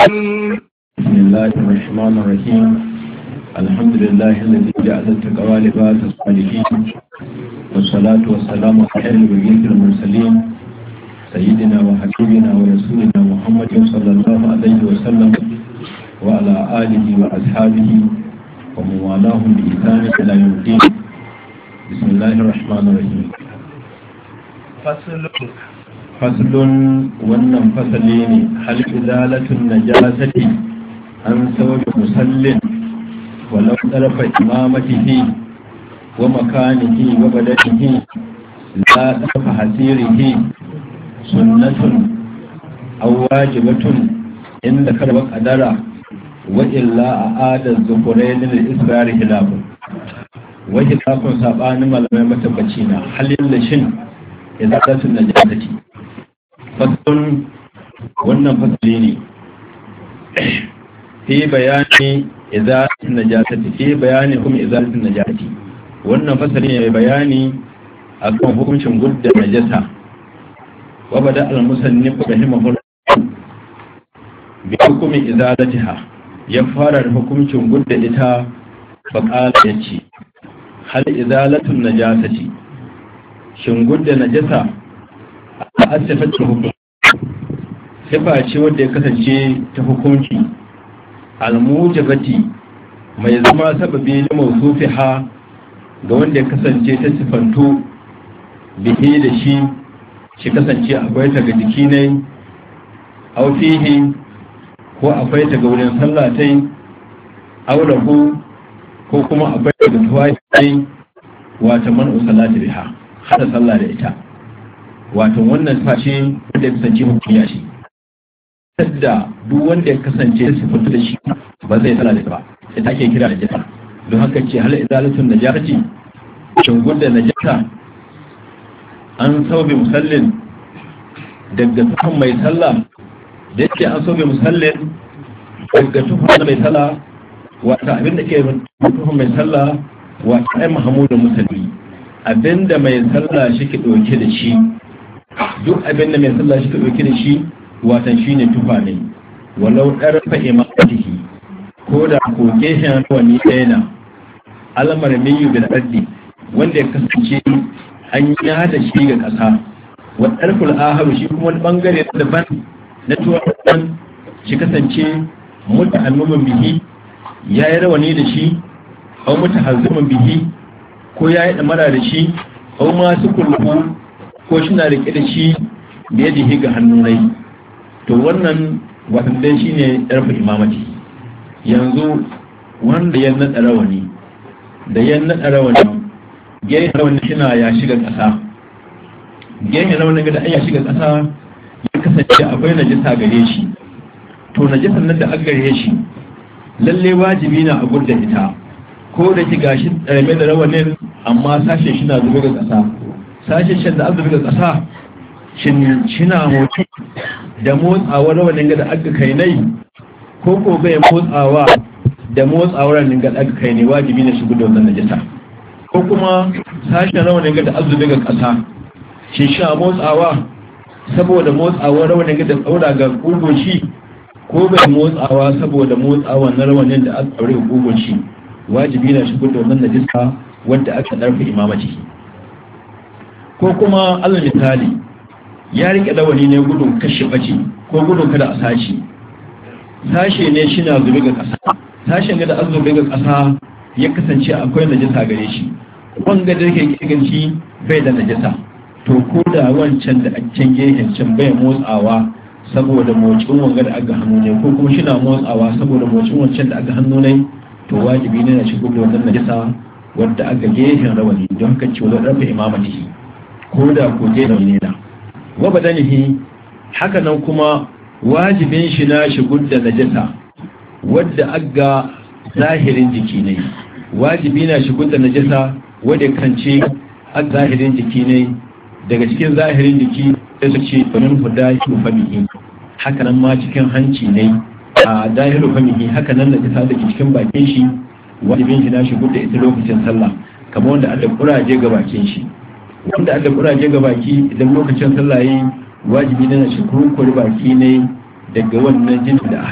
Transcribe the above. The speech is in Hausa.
بسم الله الرحمن الرحيم الحمد لله الذي جعل التقوى لباس الصالحين والصلاة والسلام على خير البرية المرسلين سيدنا وحبيبنا ورسولنا محمد صلى الله عليه وسلم وعلى آله وأصحابه ومن والاهم بإحسان إلى يوم الدين بسم الله الرحمن الرحيم فصل faslun wannan fasali ne hal izalatun najasati an sauke musallin walau tsarfa imamatihi wa makanihi wa badanihi la tsarfa hasirihi sunnatun aw wajibatun inda karba kadara wa illa a adar zukuraini da isra'ari hilafin wajen kafin saɓanin malamai matabbaci na halin da shin ya zaɗa sun na jazaki fasalin wannan fasali ne fi bayani izalatin najasati fi bayani kuma izalatin najasati wannan fasali ne mai bayani kan hukuncin gudda najasa wa bada al-musannif rahimahullah bi hukumi izalatiha ya fara da hukuncin gudda ita ya ce hal izalatun najasati shin gudda najasa ta'assafat ce wanda ya kasance ta hukunci almujabati mai zama sababi na ha ga wanda ya kasance ta sifanto bihi da shi shi kasance akwai ta ga jiki ne ko akwai ta ga wurin sallah tai ku, ko kuma akwai ta ga tuwa tai wata man'u salati biha hada sallah da ita wato wannan tashe wanda ya kasance hukumi ya shi sadda duk wanda ya kasance ya sifantu da shi ba zai tsala da ba ita take kira da jasa don haka ce hal izalatun najati shingun da najasa an sauke musallin daga tufan mai sallah da yake an sauke musallin daga tufan mai sallah wata abin da ke tufan mai sallah wata ai mahamudu musulmi abinda mai sallah shi ke ɗauke da shi duk abin da mai sallah shi ka ɗauki da shi watan shi ne tufa ne walau a imatatihi ko da koke shi na wani ɗaya na alamar miyu bin ardi wanda ya kasance an yi hada shi ga ƙasa wa ɗarful shi kuma wani ɓangare na daban na tuwaɗan shi kasance mutu annuman bihi ya yi rawani da shi au mutu hazuman bihi ko ya yi ɗamara da shi au masu kullu ko shi na rike da shi da ya jihi ga rai. to wannan dai shi ne yarfa imamaci yanzu wanda ya naɗa rawani da ya naɗa rawani ya rawani shi na ya shiga ƙasa gehen rawani ga da ya shiga ƙasa ya kasance akwai najisa gare shi to najisan nan da aka gare shi lalle wajibi na a gurda ita ko da ki gashi ɗarame da rawanin amma sashen shi na zuba ga ƙasa sashen da aka daga ƙasa shina motsi da motsawar ga da aka kai nai ko ko bai motsawa da motsawar ga da aka kai ne wajibi ne su gudu wannan najasa ko kuma sashen rawanin ga da daga ƙasa shi sha motsawa saboda motsawar ga da tsaura ga kugoshi ko bai motsawa saboda motsawar na rawanin da aka tsaure kugoshi wajibi ne su gudu wannan najasa wanda aka ɗarfi imamaci ko kuma allah misali ya rike dawani ne gudun kashe bace ko gudun kada a sashi sashe ne shi na zube ga ƙasa sashen da an zube ga ƙasa ya kasance akwai najasa gare shi wanga da yake kirganci bai da najasa to ko da wancan da a can gehen can bai motsawa saboda motsin wanga da aka hannu ne ko kuma shi na motsawa saboda motsin wancan da aka hannu ne to wajibi ne na shi da wannan najasa wadda aka gehen rawani don haka ce wadda rafa imamatihi ko da ko je da nena wa badanihi haka nan kuma wajibin shi na shigun da najasa wadda aga zahirin jiki ne wajibi na shigun da najasa wadda kance a zahirin jiki ne daga cikin zahirin jiki sai su ce domin huda famihi haka nan ma cikin hanci ne a zahiru famihi haka nan najasa da cikin bakin shi wajibin shi na shigun da ita lokacin sallah kamar wanda Allah kuraje ga bakin shi wanda aka kuraje ga baki idan lokacin sallah yayi wajibi ne na shi kurkure baki ne daga wannan jinin da